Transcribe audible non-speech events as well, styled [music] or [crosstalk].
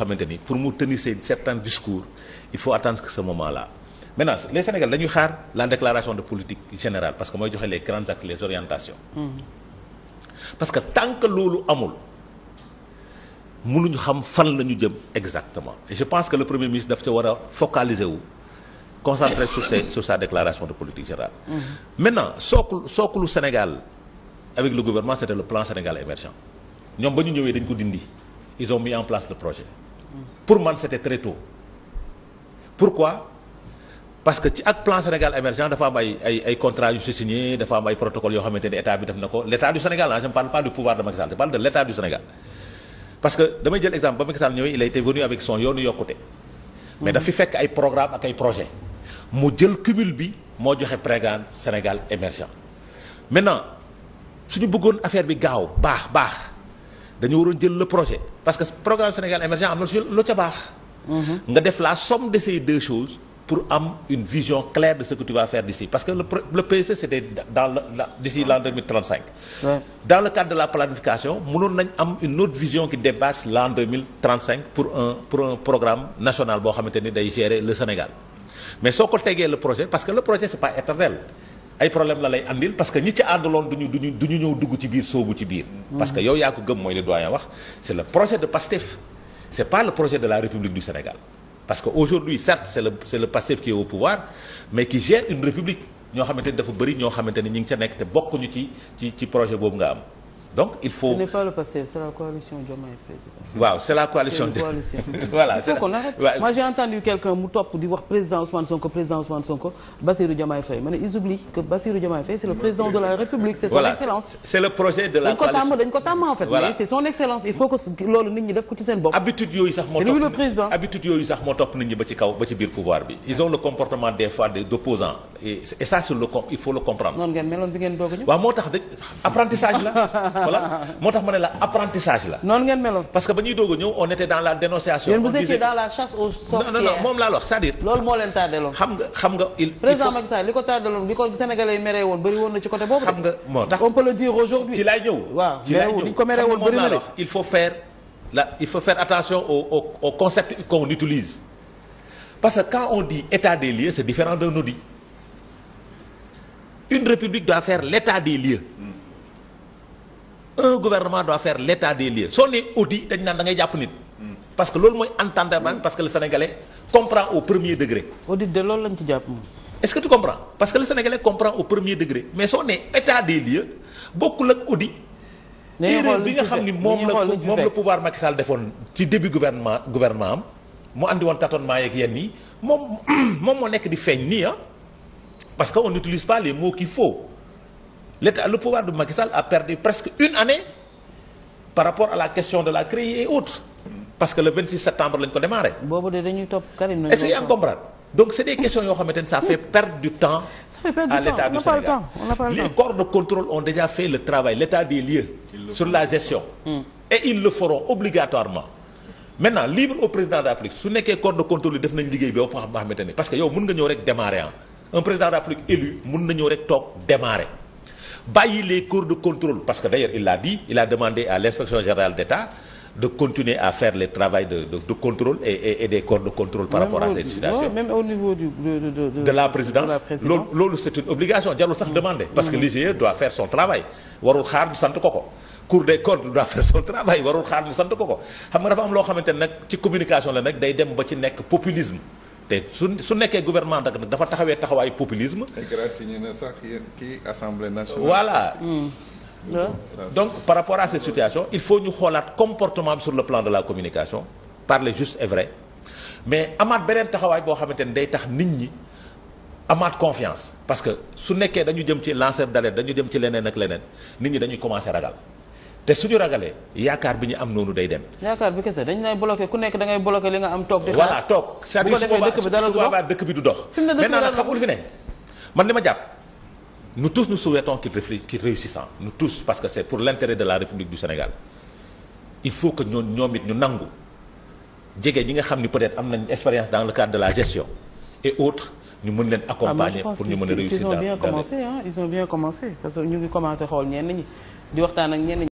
xamante ni pour mu tenir ces certains discours il faut attendre que ce moment là maintenant les Sénégalais dañuy xaar la déclaration de politique générale parce que mooy joxe les grands actes les orientations hmm. parce que tant que loolu amul mënuñu xam fan la ñu jëm exactement et je pense que le premier ministre daf ca war a focaliser wu concentré sur ses, sur sa déclaration de politique générale mmh. sook sook lu Sénégal avec le gouvernement c'était le plan Sénégal émergent ñoom ba ñu ñëwee dañ ko dindi ils ont en place le projet pour man c'était très tôt pourquoi parce que ci ak plan Sénégal émergent dafa am ay ay ay contrats yu si dafa am ay protocole yoo xamante ni état bi def na ko l' état du Sénégal ah je ne parle pas du pouvoir de Macky Sall je parle de l' du Sénégal parce que damay jël exemple ba Macky Sall ñëwee il a été venu avec son yoonu yokkute mais dafi fekk ay programme ak ay projet mu jël cumul bi moo joxe programme Sénégal émergent maintenant suñu bëggoon affaire bi gaaw baax baax dañu waroon jël le projet parce que programme Sénégal émergent am na lu ca baax mhm. nga def la somme de ces deux choses pour am une vision claire de ce que tu vas parce que le, le PSE c'était dans la, la d'ici l'an 2035 ouais. dans le cadre de la planification mënoon nañ am une autre vision qui dépasse l'an 2035 pour un pour un programme national boo xamante ni day gérer le Sénégal mais soo ko tegee le projet parce que le projet c'est pas ay problème la lay andil parce que ñi ci ànduloon duñu duñu duñu ñëw dugg ci biir soobu ci biir hmm. parce que yow yaa ko gëm mooy li doyen wax c'est le projet de PASTEF c'est pas de la République du Sénégal parce que aujourd'hui certes c'est le c'est qui au pouvoir mais qui gère une république ñoo xamante ni dafa bëri ñoo xamante ni ñi ngi ca nekk te bokkuñu ci ci ci projet boobu nga am donc il faut. ce c'est la coalition Diomaye Président. waaw c'est la coalition de [laughs] voilà c'est moi j'ai entendu quelqu'un mu topp di wax président Ousmane Sonko président Ousmane Sonko Bassirou Diomaye Faye ma ne ils oublient que Bassirou Diomaye Faye c'est le président de la République c'est son excellence c'est le projet de la coalition dañ ko tàmm en fait mais c'est son excellence il faut que loolu nit ñi def ko ci seen bopp habitude yooyu sax moo topp nit ñi ba ci kaw ba ci biir pouvoir bi ils ont le et ça c'est le il faut le comprendre noonu ngeen meloon bi [laughs] ba ñuy doog ñëw on dans la dénonciation. on disait dans la chasse aux sorcières. non non non moom laa wax c'est-à-dire. loolu moo leen tardéloon. xam nga xam nga il. président Macky Sall li ko tardéloon li ko sénégalais meree woon bëri woon na ci côté boobu. xam nga moo tax on peut le dire aujourd'hui ci laay ñëw. waaw ko meree woon bëri na il faut faire la il faut faire attention au au au concept qu'on utilise parce que quand on dit état des lieux c'est différent un gouvernement doit faire l'état des lieux soo nee audit dañ naan da jàpp nit. parce que loolu mooy entendement mm. parce que le sénégalais comprend au premier degré. audit de loolu lañ ci jàpp moom. est-ce que tu comprends parce que le sénégalais comprend au premier degré mais nga xam ni moom la moom la pouvoir Macky Sall defoon ci début gouvernement gouvernement am mu andi woon tâtonnement yeeg yenn yi moom [clears throat] moom moo nekk di feeñ nii ah parce que on n'utilise pas les mots qu'il faut. l'état le pouvoir de Macky a perdu presque une année par rapport à la question de la CREI et autres parce que le 26 septembre lañ ko démarré. boobu de dañuy topp Karim est-ce que yaa ngi comprendre donc ne ça fait perdre du temps. à l'état du Sénégal les corps de contrôle ont déjà fait le travail l'état des lieux sur la gestion hmm. et ils le feront obligatoirement maintenant libre au président de la République su nekkee corps de contrôle yi def nañ liggéey bi ba nga xamante ne parce que yow mën nga ñëw bàyyi les cours de contrôle parce que d'ailleurs il l'a dit il a demandé à l'inspection générale d'État de continuer à faire le travail de, contrôle et, des corps de contrôle par rapport à cette situation. de, la présidence. Loolu c'est une obligation jarul sax mm. demander. parce que mm. l'IGE doit faire son travail warul xaar sant ko ko. cour des comptes doit faire son travail warul xaar ñu sant ko ko xam nga dafa loo xamante ne nag ci communication la nag day dem ba ci nekk populisme. te su su nekkee gouvernement nag dafa taxawee taxawaayu populisme. sax yéen kii assemblée nationale. voilà. Hmm. Hmm. donc par rapport à cette situation il faut ñu xoolaat comportement bi sur le plan de la communication parler juste et vrai mais amaat beneen taxawaay boo xamante ni day tax nit ñi amaat confiance parce que su nekkee dañu jëm ci lanceur d'alerte dañu jëm ci leneen ak leneen nit ñi dañuy commencer ragal. te suñu ragalee yaakaar bi ñu am noonu day dem. yaakaar bi kese dañ lay bloqué ku nekk da ngay bloqué li nga am toog. di xaar voilà bi du dox. fi mu ne maintenant nag ma jàpp. nous tous nous souhaitons qu'il réfléch qu'il réussisse tous parce que c'est pour l'intérêt de la République du Sénégal il faut que ñoom it ñu nangu jege ñi nga xam ni peut-être am nañ expérience dans le de la gestion et autres ñu mën leen ah, accompagner pour ñu mën a réussir. ils commencé ah